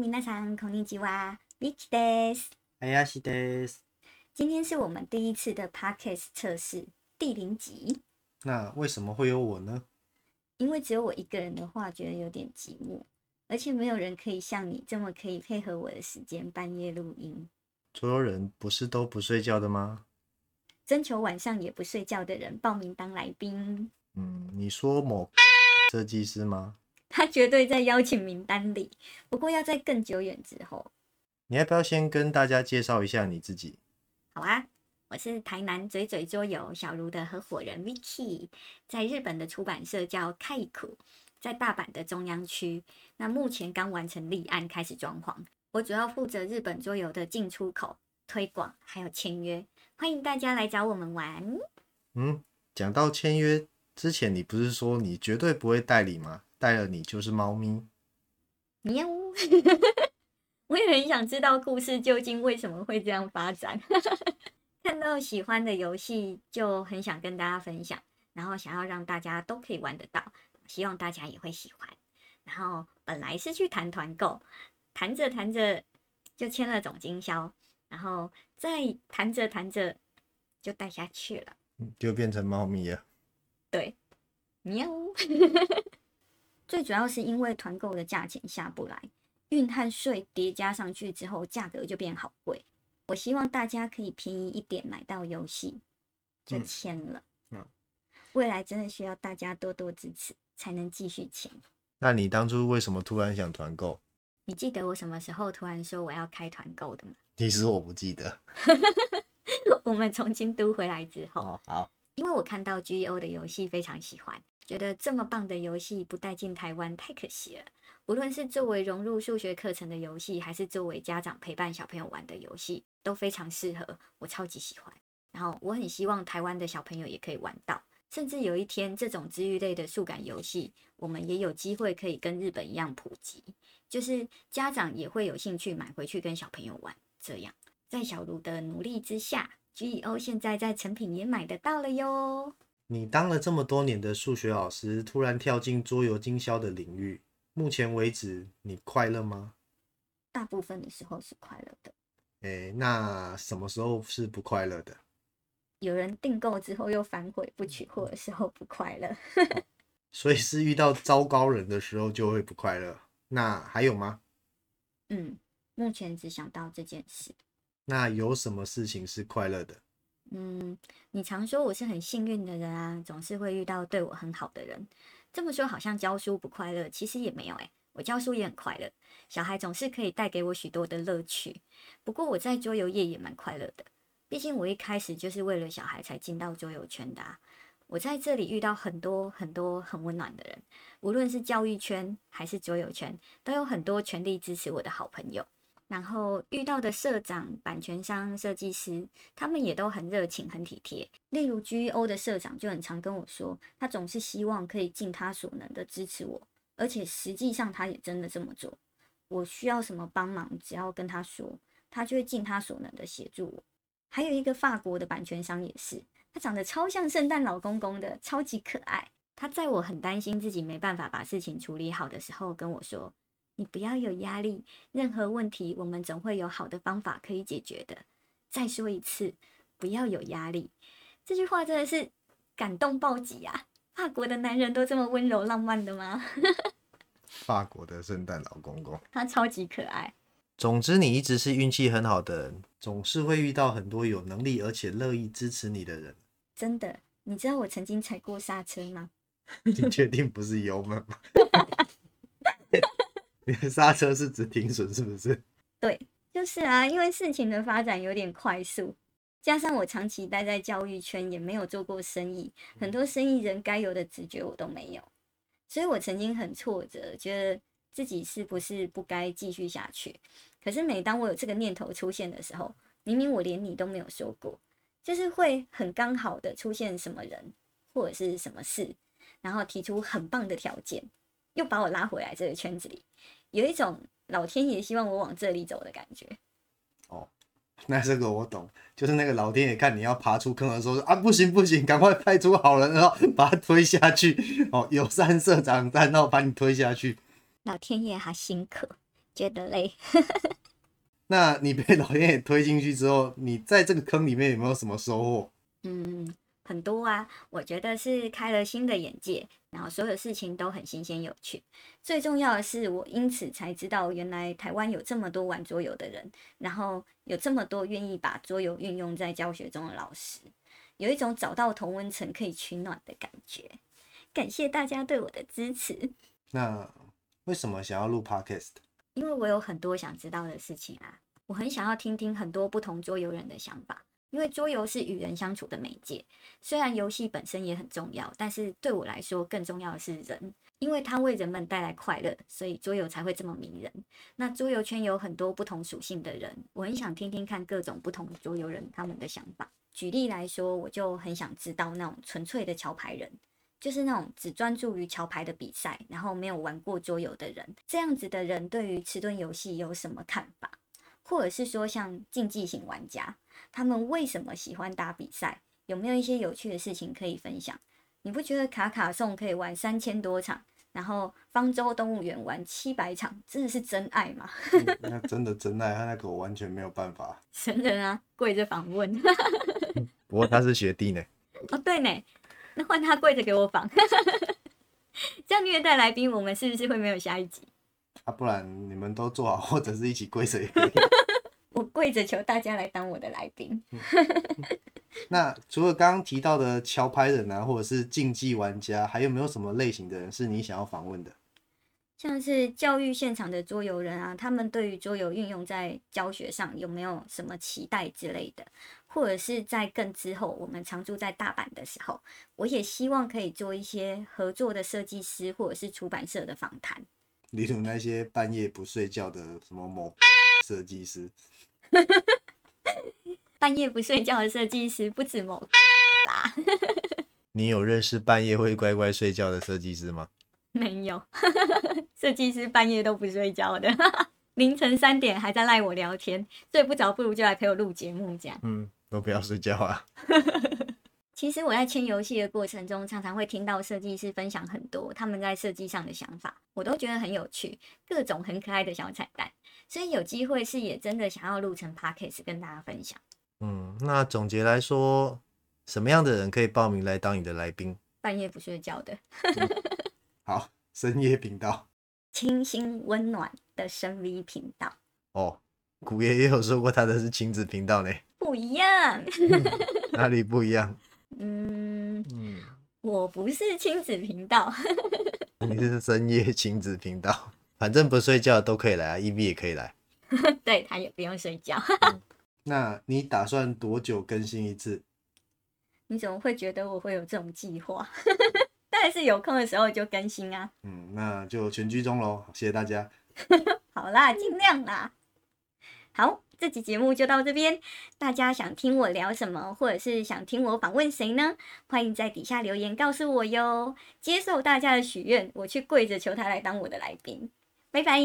你那場こんにちは，Vicky です。哎呀是的，アア今天是我們第一次的 podcast 測試，第零集。那為什麼會有我呢？因為只有我一個人的話，覺得有點寂寞，而且沒有人可以像你這麼可以配合我的時間，半夜錄音。所有人不是都不睡覺的嗎？徵求晚上也不睡覺的人報名當來賓。嗯，你說某設計師嗎？他絕對在邀請名單裡，不過要在更久遠之後。你要不要先跟大家介紹一下你自己？好啊，我是台南嘴嘴桌遊小如的合夥人 Vicky，在日本的出版社叫 Kaiku，在大阪的中央區。那目前剛完成立案，開始裝潢。我主要負責日本桌遊的進出口、推廣還有簽約。歡迎大家來找我們玩。嗯，講到簽約，之前，你不是說你絕對不會代理嗎？代了你就是貓咪，喵！ 我也很想知道故事究竟為什麼會這樣發展。 看到喜歡的遊戲就很想跟大家分享，然後想要讓大家都可以玩得到，希望大家也會喜歡。然後本來是去談團購，談着談着就簽了總經銷，然後再談着談着就代下去了，就變成貓咪了。對，喵！ 最主要是因為團購的價錢下不來，運和稅疊加上去之後，價格就變好貴。我希望大家可以便宜一點買到遊戲，就簽了嗯。嗯，未來真的需要大家多多支持，才能繼續簽。那你當初為什麼突然想團購？你記得我什麼時候突然說我要開團購的嗎？其實我不記得。 我們從京都回來之後，哦、好，因為我看到 GEO 的遊戲非常喜歡。覺得這麼棒的遊戲不帶進台灣太可惜了。無論是作為融入數學課程的遊戲，還是作為家長陪伴小朋友玩的遊戲，都非常適合。我超級喜歡。然後我很希望台灣的小朋友也可以玩到，甚至有一天這種知育類的數感遊戲，我們也有機會可以跟日本一樣普及，就是家長也會有興趣買回去跟小朋友玩。這樣在小盧的努力之下，GEO 現在在誠品也買得到了喲。你當了這麼多年的數學老師，突然跳進桌遊經銷的領域，目前為止你快樂嗎？大部分的時候是快樂的。誒、欸，那什麼時候是不快樂的？有人訂購之後又反悔不取貨的時候不快樂。 所以是遇到糟糕人的時候就會不快樂。那還有嗎？嗯，目前只想到這件事。那有什麼事情是快樂的？嗯，你常說我是很幸運的人啊，總是會遇到對我很好的人。這麼說好像教書不快樂，其實也沒有誒、欸，我教書也很快樂，小孩總是可以帶給我許多的樂趣。不過我在桌遊業也蠻快樂的，畢竟我一開始就是為了小孩才進到桌遊圈的、啊。我在這裡遇到很多很多很溫暖的人，無論是教育圈還是桌遊圈，都有很多全力支持我的好朋友。然後遇到的社長、版權商、設計師，他們也都很熱情、很體貼。例如 GEO 的社長就很常跟我說，他總是希望可以盡他所能的支持我，而且實際上他也真的這麼做。我需要什麼幫忙，只要跟他說，他就會盡他所能的協助我。還有一個法國的版權商也是，他長得超像聖誕老公公的，超級可愛。他在我很擔心自己沒辦法把事情處理好的時候跟我說。你不要有壓力，任何問題我們總會有好的方法可以解決的。再說一次，不要有壓力。這句話真的是感動暴擊啊！法國的男人都這麼溫柔浪漫的嗎？ 法國的聖誕老公公，他超級可愛。總之，你一直是運氣很好的人，總是會遇到很多有能力而且樂意支持你的人。真的，你知道我曾經踩過剎車嗎？你確定不是油門嗎？ 剎車是指停損，是不是？對，就是啊。因為事情的發展有點快速，加上我長期待在教育圈，也沒有做過生意，很多生意人該有的直覺我都沒有。所以我曾經很挫折，覺得自己是不是不該繼續下去。可是每當我有這個念頭出現的時候，明明我連你都沒有說過，就是會很剛好的出現什麼人或者是什麼事，然後提出很棒的條件，又把我拉回來這個圈子裡。有一種老天爺希望我往這裡走的感覺。哦，那這個我懂，就是那個老天爺看你要爬出坑的時候，說：‘啊不行不行，趕快派出好人然後把他推下去，哦，有三社長在那，我把你推下去，老天爺好辛苦，覺得累。 那你被老天爺推進去之後，你在這個坑裡面有沒有什麼收穫？嗯。很多啊，我覺得是開了新的眼界，然後所有事情都很新鮮有趣。最重要的是，我因此才知道原來台灣有這麼多玩桌遊的人，然後有這麼多願意把桌遊運用在教學中的老師，有一種找到同溫層可以取暖的感覺。感謝大家對我的支持。那為什麼想要錄 Podcast？因為我有很多想知道的事情啊，我很想要聽聽很多不同桌遊人的想法。因為桌遊是與人相處的媒介，雖然遊戲本身也很重要，但是對我來說更重要的是人，因為它為人們帶來快樂，所以桌遊才會這麼迷人。那桌遊圈有很多不同屬性的人，我很想聽聽看各種不同桌遊人他們的想法。舉例來說，我就很想知道那種純粹的橋牌人，就是那種只專注於橋牌的比賽，然後沒有玩過桌遊的人，這樣子的人對於吃墩遊戲有什麼看法？或者是說像競技型玩家，他們為什麼喜歡打比賽？有沒有一些有趣的事情可以分享？你不覺得卡卡頌可以玩三千多場，然後方舟動物園玩七百場，真的是真愛嗎 、嗯？那真的真愛，他那個我完全沒有辦法。神人啊，跪着訪問、 嗯。不過他是學弟呢。 哦，對呢，那換他跪着給我訪， 這樣虐待來賓，我們是不是會沒有下一集？啊，不然你們都坐好，或者是一起跪着。 跪着求大家來當我的來賓、 嗯。那除了剛剛提到的橋牌人啊，或者是競技玩家，還有沒有什麼類型的人是你想要訪問的？像是教育現場的桌遊人啊，他們對於桌遊運用在教學上有沒有什麼期待之類的？或者是在更之後，我們常住在大阪的時候，我也希望可以做一些合作的設計師或者是出版社的訪談。例如那些半夜不睡覺的什麼某設計師。 半夜不睡覺的設計師不止某個 X X 你有認識半夜會乖乖睡覺的設計師嗎？沒有， 設計師半夜都不睡覺的， 凌晨三點還在賴我聊天，睡不着不如就來陪我錄節目這樣。嗯，都不要睡覺啊！ 其實我在簽遊戲的過程中，常常會聽到設計師分享很多他們在設計上的想法，我都覺得很有趣，各種很可愛的小彩蛋，所以有機會是也真的想要錄成 podcast 跟大家分享。嗯，那總結來說，什麼樣的人可以報名來當你的來賓？半夜不睡覺的， 嗯、好深夜頻道，清新溫暖的深 V 頻道。哦，古爺也有說過他的是親子頻道呢，不一樣、 嗯，哪裡不一樣？嗯嗯，我不是親子頻道，你 這是深夜親子頻道，反正不睡覺都可以來啊，EV 也可以來， 對，他也不用睡覺。 那你打算多久更新一次？你怎麼會覺得我會有這種計劃？ 但是有空的時候就更新啊。嗯， 那就全劇終嘍，謝謝大家。 好啦，儘量啦。嗯好，這集節目就到這邊。大家想聽我聊什麼，或者是想聽我訪問誰呢？歡迎在底下留言告訴我喲。接受大家的許願，我去跪着求他來當我的來賓。拜拜。